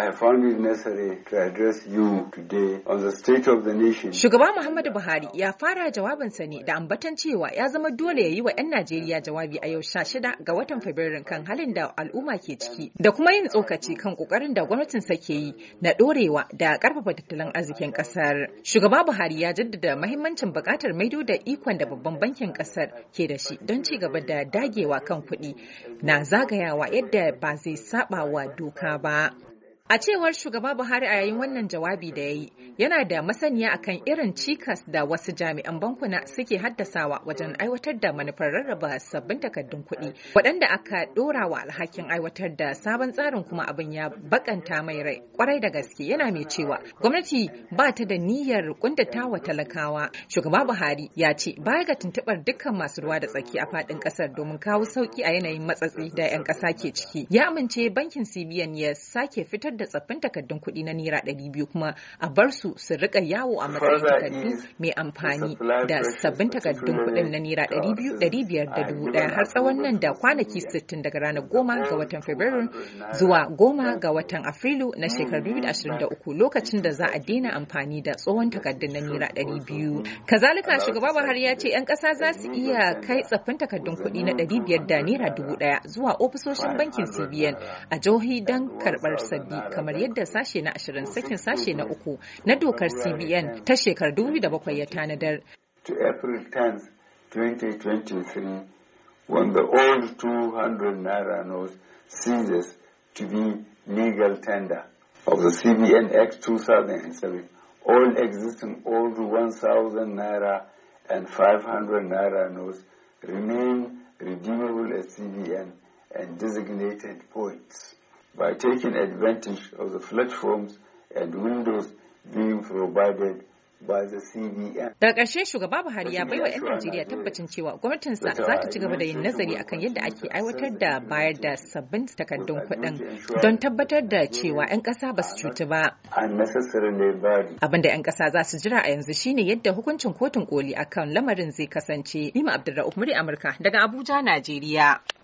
I have found the state of the Shugaba Muhammadu Buhari ya fara jawabinsa ne da ambatan cewa ya zama dole ya yi wa 'yan Najeriya jawabi a yau sha shida ga watan Fabrairu kan halin da al'umma ke ciki da kuma yin tsokaci kan kokarin da gwamnatin sa ke yi na dorewa da karfafa tattalin arzikin kasar. Shugaba Buhari ya jaddada mahimmancin bukatar maido da ikon da babban bankin kasar ke da shi don ci gaba da dagewa kan kuɗi na zagayawa yadda ba zai saba wa doka ba. A cewar shugaba Buhari a yayin wannan jawabi da ya yi, yana da masaniya akan irin cikas da wasu jami'an bankuna suke haddasawa wajen aiwatar da manufar rarraba sabbin takardun kuɗi, waɗanda aka ɗora wa alhakin aiwatar da sabon tsarin kuma abin ya bakanta mai rai kwarai da gaske yana mai cewa gwamnati ba ta da niyyar kundata wa talakawa. Shugaba Buhari ya ce baya ga tuntuɓar dukkan masu ruwa da tsaki a faɗin ƙasar domin kawo sauƙi a yanayin matsatsi da 'yan ƙasa ke ciki. Ya amince bankin CBN ya sake fitar samar da tsaffin takardun kuɗi na naira ɗari biyu kuma a bar su su rika yawo a matsayin takardu mai amfani da sabbin takardun kuɗin na naira ɗari biyu ɗari biyar da hmm. Hmm. dubu ɗaya har tsawon nan da kwanaki sittin daga ranar goma ga watan fabrairu zuwa goma ga watan afrilu na shekarar uku lokacin da za a daina amfani da tsohon takardun na naira ɗari biyu hmm. kazalika shugaba buhari ya ce 'yan ƙasa za su iya kai tsaffin takardun kuɗi na ɗari biyar da naira dubu ɗaya zuwa ofisoshin bankin cbn a jihohi don karɓar sabbi kamar yadda sashe na 20 sakin sashe na uku na dokar cbn ta 2007 ya tanadar to april 10 2023 when the old 200 naira note ceases to be legal tender of the cbn act 2007 all existing old 1000 naira and 500 naira notes remain redeemable at CBN and designated points. by taking advantage of the platforms and windows being provided Da ƙarshe shugaba Buhari ya baiwa 'yan Najeriya tabbacin cewa gwamnatinsa za ta ci gaba da yin nazari akan yadda ake aiwatar da bayar da sabbin takardun kuɗin don tabbatar da cewa 'yan ƙasa ba su cutu ba. Abin da 'yan ƙasa za su jira a yanzu shine yadda hukuncin kotun koli akan lamarin zai kasance. Nima Abdulrahman Amurka daga Abuja, Najeriya.